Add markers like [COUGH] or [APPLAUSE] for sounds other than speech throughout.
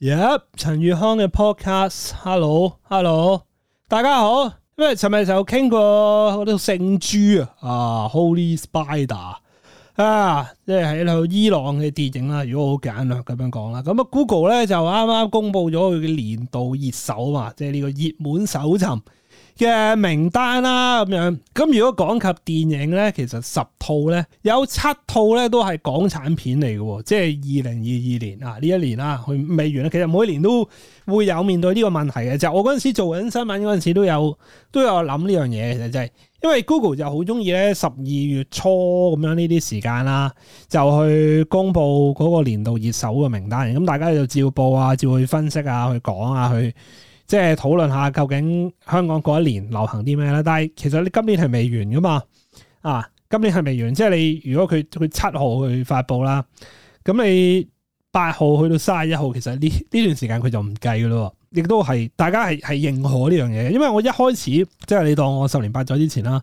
耶！陳宇康嘅 podcast，hello hello，大家好，因為尋日就傾過嗰套聖蛛啊，啊 Holy Spider 啊，即係喺伊朗嘅電影啦。如果好簡略咁樣講啦，咁啊 Google 咧就啱啱公布咗佢嘅年度熱搜啊，即係呢個熱門搜尋。嘅名單啦咁樣，咁如果講及電影呢，其實十套呢，有七套呢都係港產片嚟嘅，即係二零二二年啊呢一年啊，佢未完啦。其實每年都會有面對呢個問題嘅，就係我嗰陣時做緊新聞嗰陣時都有都有諗呢樣嘢，其實就係、是、因為 Google 就好中意呢十二月初咁樣呢啲時間啦，就去公布嗰個年度熱搜嘅名單，咁大家就照報啊，照去分析啊，去講啊，去。即係討論下究竟香港嗰一年流行啲咩啦？但係其實你今年係未完㗎嘛？啊，今年係未完，即係你如果佢佢七號去發布啦，咁你八號去到三十一號，其實呢呢段時間佢就唔計㗎咯，亦都係大家係係認可呢樣嘢，因為我一開始即係你當我十年八載之前啦。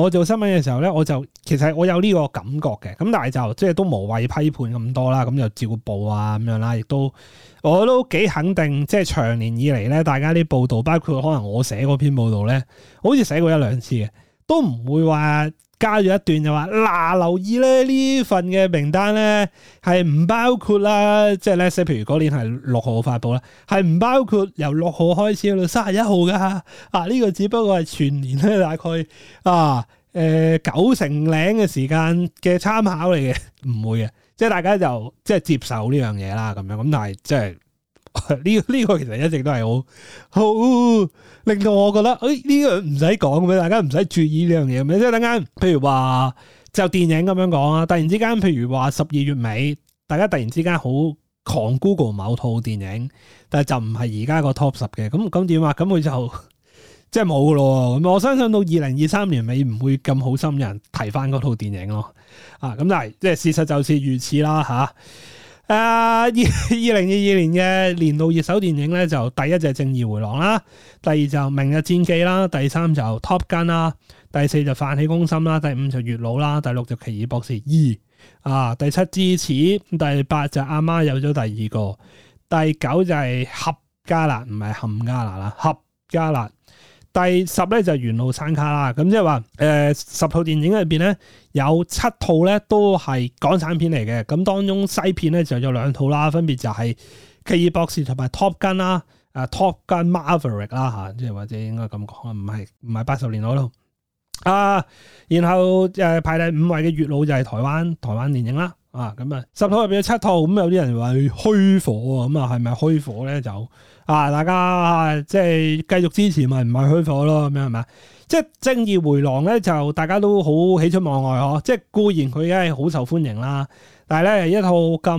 我做新聞嘅時候咧，我就其實我有呢個感覺嘅，咁但係就即係都無謂批判咁多啦，咁就照報啊咁樣啦，亦都我都幾肯定，即係長年以嚟咧，大家啲報導，包括可能我寫嗰篇報導咧，我好似寫過一兩次嘅，都唔會話。加咗一段就話嗱，留意咧呢份嘅名單咧係唔包括啦，即係咧，譬如嗰年係六號發佈啦，係唔包括由六號開始去到三十一號噶，啊呢、呢個只不過係全年咧大概啊，誒、呃、九成零嘅時間嘅參考嚟嘅，唔 [LAUGHS] 會嘅，即係大家就即係接受呢樣嘢啦，咁樣咁，但係即係。呢 [LAUGHS] 呢個其實一直都係好好令到我覺得，誒呢樣唔使講咁，大家唔使注意呢樣嘢。咪即係等間，譬如話就電影咁樣講啊！突然之間，譬如話十二月尾，大家突然之間好狂 Google 某套電影，但係就唔係而家個 Top 十嘅，咁咁點啊？咁佢就即係冇噶咯。咁、就是、我相信到二零二三年尾唔會咁好心人提翻嗰套電影咯。啊，咁但係即係事實就是如此啦，吓、啊。誒，二二零二二年嘅年度熱搜電影咧，就第一隻《正義回廊》啦，第二就《明日戰記》啦，第三就《Top Gun》啦，第四就《飯戲攻心》啦，第五就《月老》啦，第六就《奇異博士二》啊，第七《智齒》，第八就是阿媽有咗第二個，第九就係《闔家辣》，唔係《冚家辣》啦，《闔家辣》。第十咧就係緣路山旮旯，咁即係話誒十套電影入邊咧有七套咧都係港產片嚟嘅，咁當中西片咧就有兩套啦，分別就係奇異博士同埋 Top Gun 啦、啊，誒 Top Gun Maverick 啦、啊、吓，即係或者應該咁講，唔係唔係八十年代啊然後誒、呃、排第五位嘅月老就係台灣台灣電影啦，啊咁啊、嗯、十套入邊有七套，咁、嗯、有啲人話虛火啊，咁啊係咪虛火咧就？啊！大家即係繼續支持咪唔係虛火咯，咁樣係咪？即係、就是、正義回廊咧，就大家都好喜出望外嗬！即、就、係、是、固然佢而家係好受歡迎啦，但係咧一套咁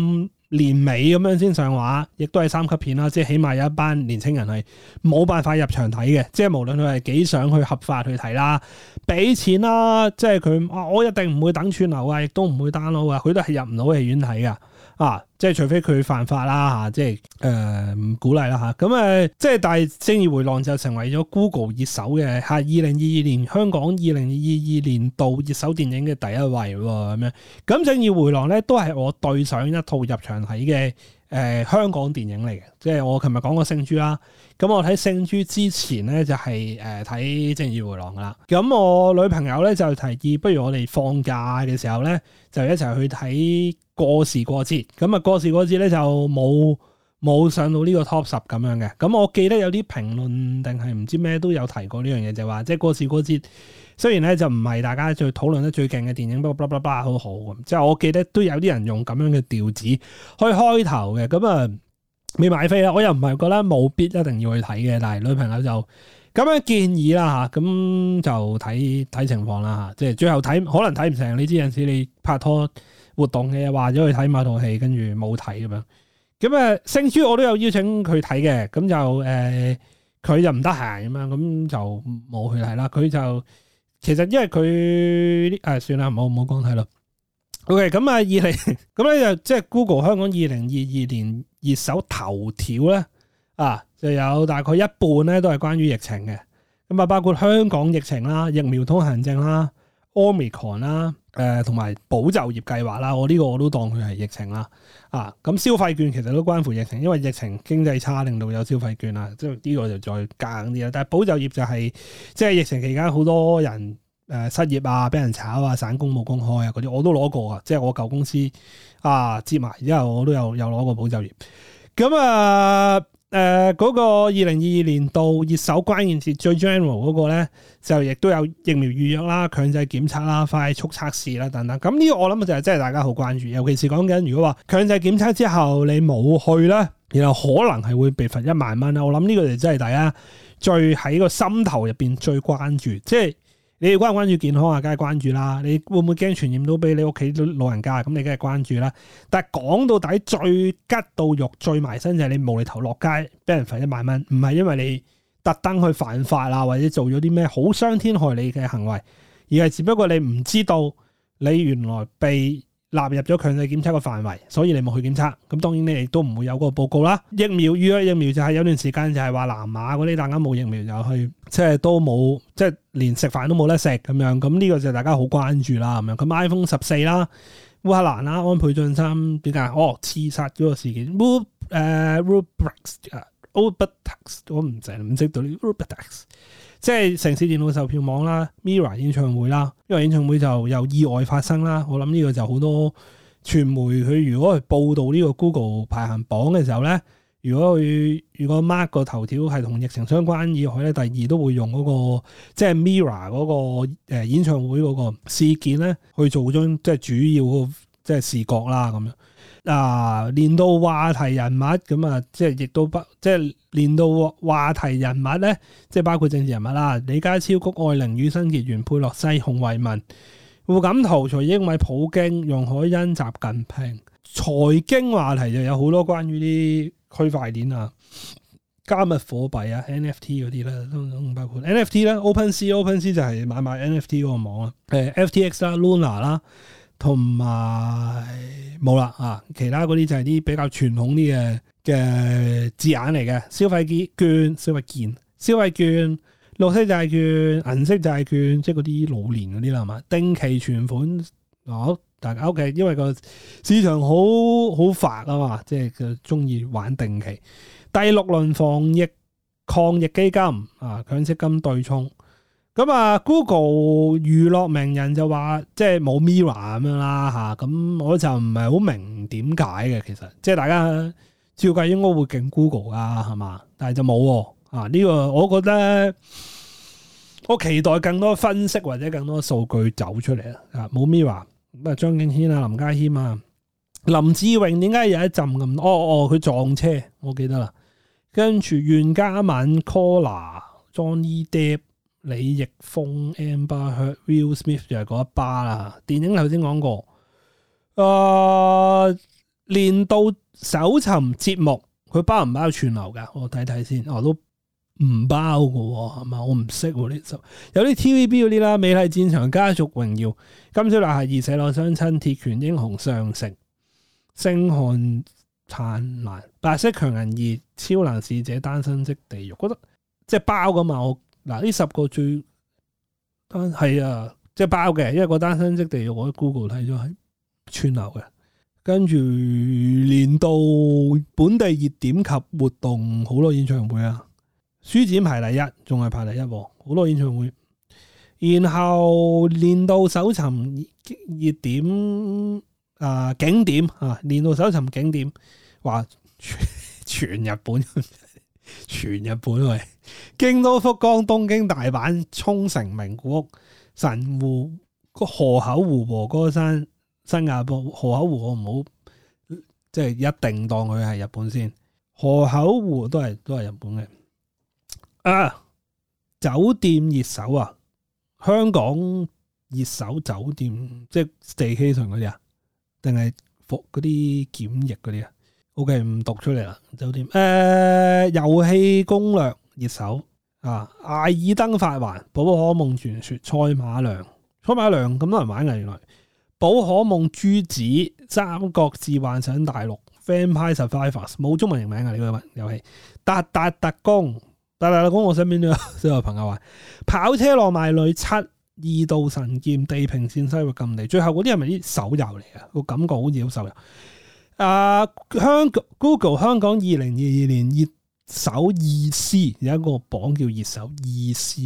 年尾咁樣先上畫，亦都係三級片啦。即、就、係、是、起碼有一班年輕人係冇辦法入場睇嘅。即、就、係、是、無論佢係幾想去合法去睇啦，俾錢啦，即係佢我一定唔會等串流啊，亦都唔會 download 啊，佢都係入唔到戲院睇㗎。啊，即係除非佢犯法啦嚇，即係誒唔鼓勵啦嚇，咁誒即係但係《星語回廊》就成為咗 Google 熱搜嘅嚇，二零二二年香港二零二二年度熱搜電影嘅第一位喎，咁、啊、樣，咁、嗯《星、嗯、語回廊》咧都係我對上一套入場睇嘅。誒、呃、香港電影嚟嘅，即係我琴日講過《聖珠》啦。咁我睇《聖珠》之前咧就係、誒、睇《正義回廊》噶啦。咁我女朋友咧就提議，不如我哋放假嘅時候咧就一齊去睇過時過節。咁啊過時過節咧就冇。冇上到呢個 top 十咁樣嘅，咁我記得有啲評論定係唔知咩都有提過呢樣嘢，就係話即係過時過節，雖然咧就唔係大家最討論得最勁嘅電影，不過叭叭好好咁。即係我記得都有啲人用咁樣嘅調子去開頭嘅，咁啊未買飛啦，我又唔係覺得冇必一定要去睇嘅，但係女朋友就咁樣建議啦嚇，咁就睇睇情況啦嚇，即係最後睇可能睇唔成，你知陣時你拍拖活動嘅話，走去睇埋套戲，跟住冇睇咁樣。咁啊，聖珠我都有邀請佢睇嘅，咁就誒，佢、呃、就唔得閒咁樣，咁就冇去睇啦。佢就其實因為佢誒、啊，算啦，唔好唔好講睇啦。OK，咁啊，二零咁咧就即係、就是、Google 香港二零二二年熱搜頭條咧啊，就有大概一半咧都係關於疫情嘅，咁啊包括香港疫情啦、疫苗通行證啦。Omicron 啦，誒同埋保就業計劃啦，我呢個我都當佢係疫情啦，啊咁消費券其實都關乎疫情，因為疫情經濟差，令到有消費券啊，即係呢個就再夾硬啲啦。但係保就業就係、是、即係疫情期間好多人誒失業啊，俾人炒啊，散工冇工開啊嗰啲，我都攞過啊，即係我舊公司啊接埋，之後我都有有攞過保就業，咁啊。誒、呃，嗰、那個二零二二年度熱搜關鍵詞最 general 嗰個咧，就亦都有疫苗預約啦、強制檢測啦、快速測試啦等等。咁呢個我諗就係真係大家好關注，尤其是講緊如果話強制檢測之後你冇去啦，然後可能係會被罰一萬蚊啦。我諗呢個就真係大家最喺個心頭入邊最關注，即係。你關唔關注健康啊？梗係關注啦。你會唔會驚傳染到俾你屋企老人家？咁你梗係關注啦。但係講到底，最吉到肉、最埋身就係你無厘頭落街，俾人罰一萬蚊，唔係因為你特登去犯法啊，或者做咗啲咩好傷天害理嘅行為，而係只不過你唔知道你原來被。納入咗強制檢測嘅範圍，所以你冇去檢測，咁當然你亦都唔會有個報告啦。疫苗預約疫苗就係有段時間就係話南馬嗰啲大家冇疫苗就去，即係都冇，即係連食飯都冇得食咁樣。咁呢個就大家好關注啦。咁樣，咁 iPhone 十四啦，烏克蘭啦，安倍晉三點解？哦，刺殺咗個事件。Rule 誒 rule breaks o e t a x 我唔淨唔識到呢 UberTax 即係城市電腦售票網啦，Mirror 演唱會啦，因為演唱會就有意外發生啦。我諗呢個就好多傳媒佢如果去報導呢個 Google 排行榜嘅時候咧，如果佢如果 mark 個頭條係同疫情相關以外咧，第二都會用嗰、那個即係、就是、Mirror 嗰個誒演唱會嗰個事件咧去做張即係主要即係視覺啦咁樣。啊，年度話題人物咁啊，即係亦都包，即係年度話題人物咧，即係包括政治人物啦，李家超、谷愛玲、羽生結弦、佩洛西、洪慧文、胡錦濤、徐英偉、普京、容海恩、習近平。財經話題就有好多關於啲區塊鏈啊、加密貨幣啊、NFT 嗰啲咧，包括 NFT 啦、OpenSea、OpenSea 就係買賣 NFT 個網啊，誒、呃、FTX 啦、Luna 啦。同埋冇啦啊！其他嗰啲就係啲比較傳統啲嘅嘅字眼嚟嘅，消費券、消費券、消費券、綠色債券、銀色債券，即係嗰啲老年嗰啲啦，係嘛？定期存款，哦、大家 OK，因為個市場好好煩啊嘛，即係佢中意玩定期。第六輪防疫抗疫基金啊，強積金對沖。咁啊，Google 娛樂名人就話即係冇 m i r r o r 咁樣啦，咁我就唔係好明點解嘅其實，即係大家照計應該會勁 Google 㗎，係嘛？但係就冇啊呢、這個，我覺得我期待更多分析或者更多數據走出嚟啊！冇 m i r r o 咁啊，張敬軒啊、林家謙啊、林志穎點解有一陣咁？哦哦，佢、哦、撞車，我記得啦。跟住袁家敏、c o l l a Johny d e 李易峰、Amber Heard、Will Smith 就係嗰一巴啦。電影頭先講過，誒、呃，年度搜尋節目佢包唔包串流噶？我睇睇先，哦、都我都唔包嘅係嘛？我唔識呢首有啲 TVB 嗰啲啦，《美麗戰場》、《家族榮耀》、《金宵大廈》、《二世女相親》、《鐵拳英雄》、《上城》、《星漢燦爛》、《白色強人》、二《超能使者》、《單身即地獄》，覺得即係包噶嘛？我。嗱，呢十個最單係啊，即係包嘅，因為個單身即地獄，我 Google 睇咗係串流嘅。跟住年度本地熱點及活動好多演唱會啊，書展排第一，仲係排第一喎，啊，好多演唱會。然後年度搜尋熱點啊、呃、景點啊，年度搜尋景點話全，全日本，全日本喂。京都、福岡、東京、大阪、沖繩、名古屋、神戶、河口湖、和歌山、新加坡、河口湖我不要，我唔好即係一定當佢係日本先。河口湖都係都係日本嘅。啊，酒店熱搜啊，香港熱搜酒店，即係 staycation 嗰啲啊，定係服嗰啲檢疫嗰啲啊？O.K. 唔讀出嚟啦。酒店誒、呃，遊戲攻略熱搜。啊！艾爾登法環、寶可夢傳說、賽馬娘、賽馬娘咁多人玩啊！原來寶可夢、珠子、三國志幻想大陸、《Vampire Survivors》冇中文名嘅呢、這個遊戲。達達特工、達達特工，我身邊都有小朋友話跑車浪漫旅七、二度神劍、地平綫西域禁地，最後嗰啲係咪啲手遊嚟㗎？個感覺好似好手遊。啊！香 Google 香港二零二二年熱。首意思，有一個榜叫熱搜意思」。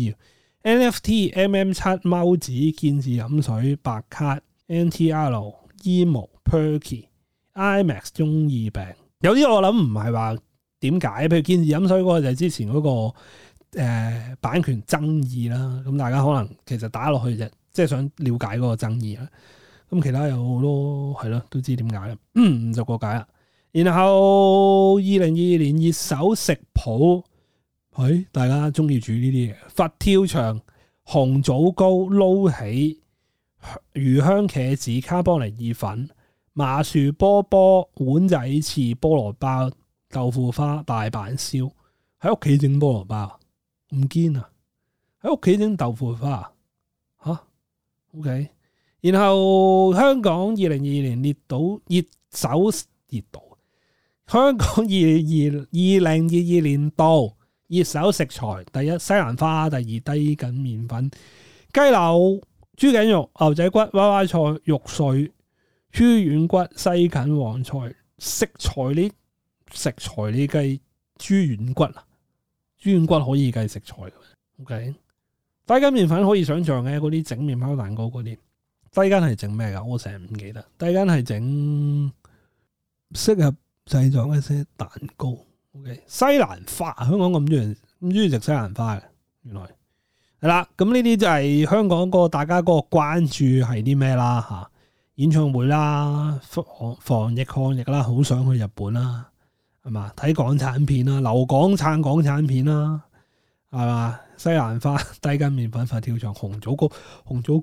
NFT MM 七貓子見字飲水，白卡 NTL emo Perky IMAX 中耳病，有啲我諗唔係話點解，譬如見字飲水嗰個就係之前嗰、嗰個、呃、版權爭議啦，咁大家可能其實打落去就即、係、係想了解嗰個爭議啦。咁其他有好多係咯，都知點解啦，就過解啦。然後二零二二年熱搜食譜，誒、哎，大家中意煮呢啲嘢：佛跳牆、紅棗糕、撈起魚香茄子、卡邦尼意粉、麻薯波波、碗仔翅、菠蘿包、豆腐花、大阪燒。喺屋企整菠蘿包唔堅啊！喺屋企整豆腐花吓、啊、，OK。然後香港二零二二年列到熱搜熱度。熱香港二二二零二二年度熱搜食材，第一西蘭花，第二低筋麵粉、雞柳、豬頸肉、牛仔骨、娃娃菜、肉碎、豬軟骨、西芹黃菜。食材呢？食材呢？計豬軟骨啊？豬軟骨可以計食材嘅，O K。OK? 低筋麵粉可以想象嘅，嗰啲整麵包蛋糕嗰啲低筋係整咩噶？我成日唔記得，低筋係整適合。製造一些蛋糕，OK？西蘭，西蘭花，香港咁唔中意，中意食西蘭花嘅，原來係啦。咁呢啲就係香港個大家嗰個關注係啲咩啦？嚇，演唱會啦，防疫抗疫啦，好想去日本啦，係嘛？睇港產片啦，留港產港產片啦，係嘛？西蘭花、低筋麵粉、佛跳牆、紅棗糕、紅棗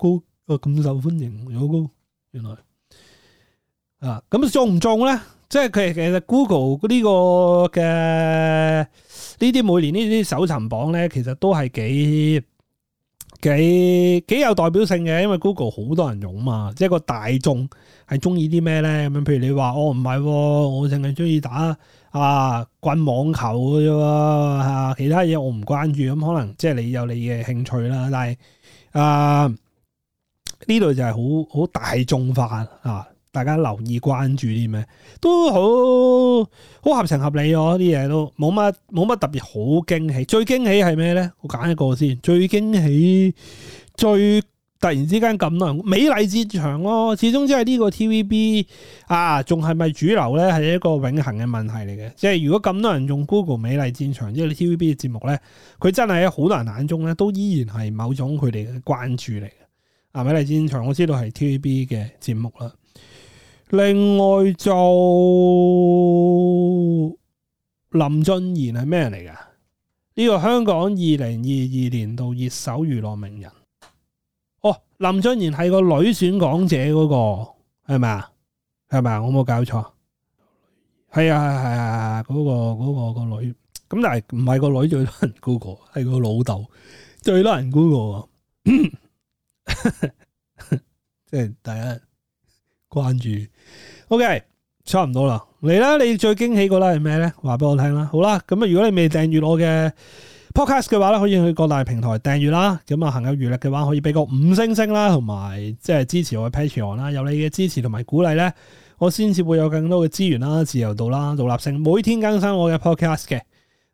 糕咁受歡迎，紅棗糕，原來啊，咁中唔中咧？即係佢其實 Google 呢個嘅呢啲每年呢啲搜尋榜呢啲搜尋榜咧，其實都係幾幾幾有代表性嘅，因為 Google 好多人用嘛，即係個大眾係中意啲咩咧咁樣。譬如你話哦唔係、哦，我淨係中意打啊棍網球嘅啫喎，其他嘢我唔關注。咁可能即係你有你嘅興趣啦，但係啊呢度就係好好大眾化啊。大家留意關注啲咩都好好合情合理咯。啲嘢都冇乜冇乜特別好驚喜。最驚喜係咩咧？我揀一個先。最驚喜最突然之間咁多人《美麗戰場》咯，始終即係呢個 TVB 啊，仲係咪主流咧？係一個永恒嘅問題嚟嘅。即係如果咁多人用 Google《美麗戰場》，即係 TVB 嘅節目咧，佢真係喺好多人眼中咧，都依然係某種佢哋嘅關注嚟嘅。啊，《美麗戰場》我知道係 TVB 嘅節目啦。另外就林俊賢係咩人嚟噶？呢、這個香港二零二二年度熱搜娛樂名人。哦，林俊賢係個女選港姐嗰、那個係咪啊？係咪啊？我冇搞錯？係啊係啊係啊嗰個嗰個、那個女，咁但係唔係個女最多人 Google，係個老豆最多人 Google。即係第一。 [COUGHS] 就是關注，OK，差唔多啦，嚟啦，你最驚喜個啦係咩咧？話俾我聽啦，好啦，咁啊，如果你未訂閱我嘅 podcast 嘅話咧，可以去各大平台訂閱啦。咁啊，行有餘力嘅話，可以俾個五星星啦，同埋即係支持我嘅 Patreon 啦。有你嘅支持同埋鼓勵咧，我先至會有更多嘅資源啦、自由度啦、獨立性，每天更新我嘅 podcast 嘅。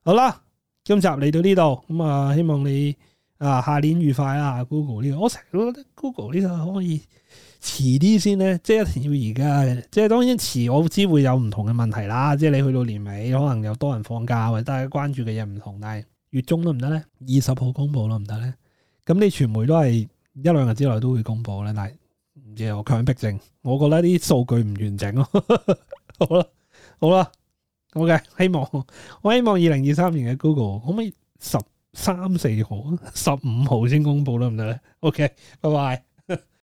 好啦，今集嚟到呢度，咁啊，希望你啊下年愉快啦。Google 呢個，我成日都覺得 Google 呢個可以。遲啲先咧，即係一定要而家。即係當然遲，我知會有唔同嘅問題啦。即係你去到年尾，可能有多人放假，或者大家關注嘅嘢唔同。但係月中都唔得咧，二十號公佈咯唔得咧。咁你傳媒都係一兩日之內都會公佈呢？但係唔知我強迫症，我覺得啲數據唔完整咯。 [LAUGHS] 好啦，好啦，OK，希望我希望二零二三年嘅 Google 可唔可以十三四號、十五號先公佈得唔得咧？OK，拜拜。